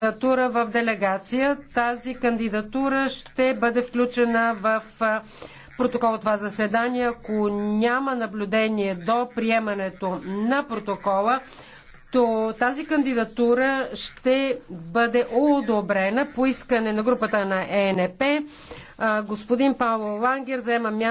кандидатура в делегация. Тази кандидатура ще бъде включена в протокол от това заседание. Ако няма наблюдение до приемането на протокола, то тази кандидатура ще бъде одобрена по искане на групата на ЕНП. Господин Павло Лангер заема място